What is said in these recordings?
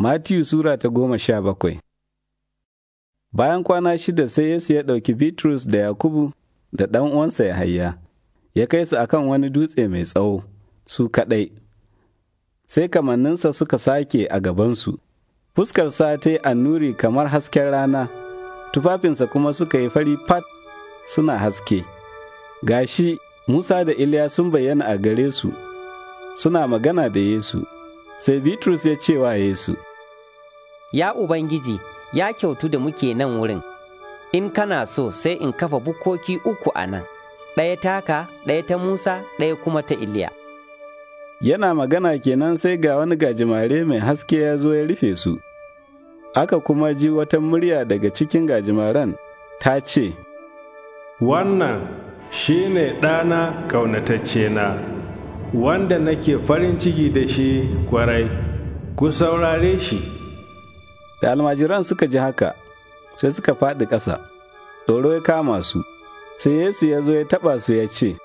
Matiyu Sura ta goma sha bakwai Bayan kwana shida sai Yesu ya ɗauki Bitrus da Yakubu da ɗan uwansa ya hayya, ya kai su akan wani dutse mai tsawo, su kaɗai. Sai kamanninsa suka sake a gabansu, sa ta yi annuri kamar hasken rana, tufafinsa kuma suka yi fari fat suna haske. Gashi Musa da Iliya sun bayyana a gare su, suna magana da Yesu. sai Bitrus ya ce wa Yesu, Ya Ubangiji, ya kyautu da muke nan wurin, in kana so sai in kafa bukoki uku a nan, ɗaya taka, ɗaya ta Musa, ɗaya kuma ta Iliya. Yana magana kenan sai ga wani gajimare mai haske ya zo ya rufe su. Aka kuma ji wata murya daga cikin gajimaren ta ce, Wannan shi ne ɗana ƙaunataccena, na, wanda nake farin ciki da shi kwarai, ku saurare shi. da almajiran suka ji haka sai suka faɗi ƙasa tsoro ya kama su sai yesu ya zo ya taɓa su ya ce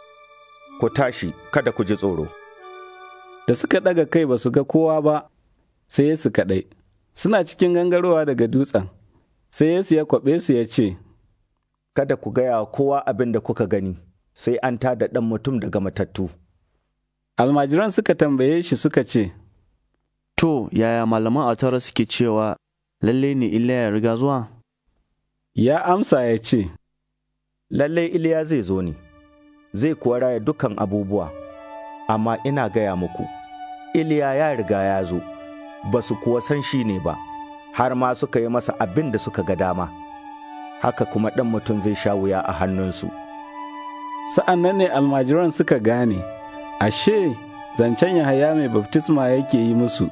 ku tashi kada ku ji tsoro da suka ɗaga kai ba su ga kowa ba sai yesu kaɗai suna cikin gangarowa daga dutsen sai yesu ya kwaɓe su ya ce kada ku gaya kowa abin da kuka gani sai an da ɗan mutum daga matattu almajiran suka tambaye shi suka ce to yaya malaman a suke cewa lalle ne Iliya ya riga zuwa? Ya amsa ya ce, Lalle Iliya zai zo ne, zai kuwa raya dukan abubuwa, amma ina gaya muku, Iliya ya riga ya zo, ba su kuwa san shi ne ba, har ma suka yi masa abin da suka ga dama, haka kuma ɗan mutum zai sha wuya a hannunsu. Sa'an nan ne almajiran suka gane, ashe, zancen Yahaya mai baftisma yake yi musu,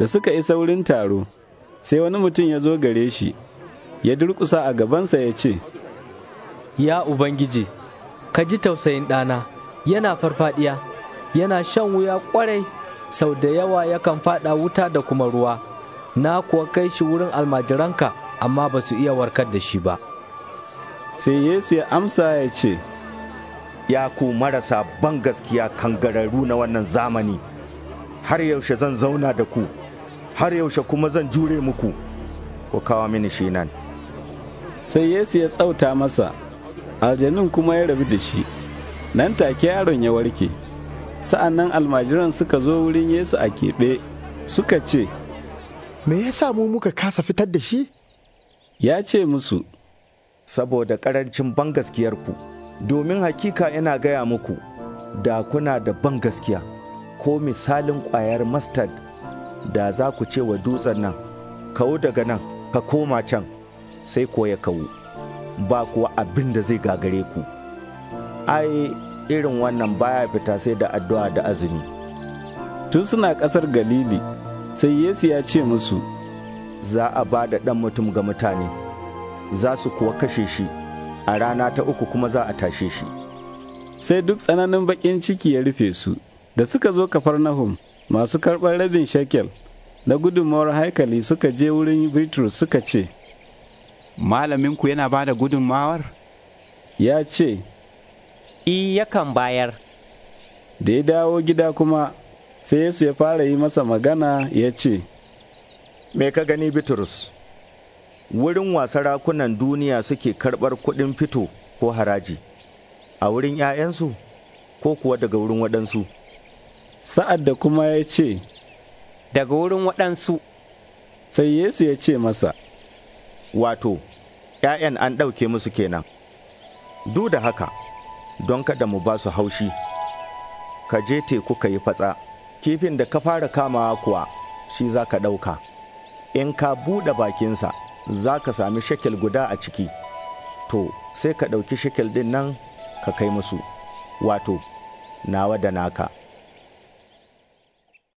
da suka isa wurin taro. sai wani mutum ya zo gare shi ya durƙusa a gabansa ya ce ya ubangiji ka ji tausayin ɗana yana farfadiya yana shan wuya ƙwarai sau da yawa yakan faɗa wuta da kuma ruwa na kuwa kai shi wurin almajiranka amma ba su iya warkar da shi ba sai yesu ya amsa ya ce ya ku marasa ban gaskiya kangararru na wannan zamani har yaushe zan zauna da ku har yaushe kuma zan jure muku ku kawo mini shi nan sai yesu ya tsauta masa aljanun kuma ya rabu da shi nan take yaron ya warke sa'an nan almajiran suka zo wurin yesu a keɓe suka ce me ya samu muka kasa fitar da shi ya ce musu saboda ƙarancin bangaskiyarku domin hakika yana gaya muku da kuna da bangaskiya ko misalin ƙwayar mustard da za ku ce wa dutsen nan kawo daga nan ka koma can sai ko ya kawo ba kuwa abin da zai gagare ku ai irin wannan baya fita sai da addu'a da azumi tun suna ƙasar galili sai yesu ya ce musu za a ba da ɗan mutum ga mutane za su kuwa kashe shi a rana ta uku kuma za a tashe shi sai duk tsananin baƙin ciki ya rufe su da suka zo kafar nahum masu karɓar rabin shekel na gudunmawar haikali suka je wurin bitrus suka ce malaminku yana ba da gudunmawar ya ce I yakan bayar da ya dawo gida kuma sai Yesu ya fara yi masa magana ya ce, Me ka gani Bitrus, wurin wasa rakunan duniya suke karɓar kuɗin fito ko haraji, a wurin ‘ya'yansu ko kuwa daga wurin waɗansu?’ sa'ad da kuma ya ce, Daga wurin waɗansu, sai Yesu ya ce masa, Wato, ’ya'yan an ɗauke musu kenan, du da haka, don kada mu ba su haushi, ka je teku ka yi fatsa, kifin da ka fara kamawa kuwa shi za ka ɗauka, in ka buɗe bakinsa za ka sami shekel guda a ciki, to sai ka ɗauki shekel ɗin nan ka kai musu, wato, nawa da naka.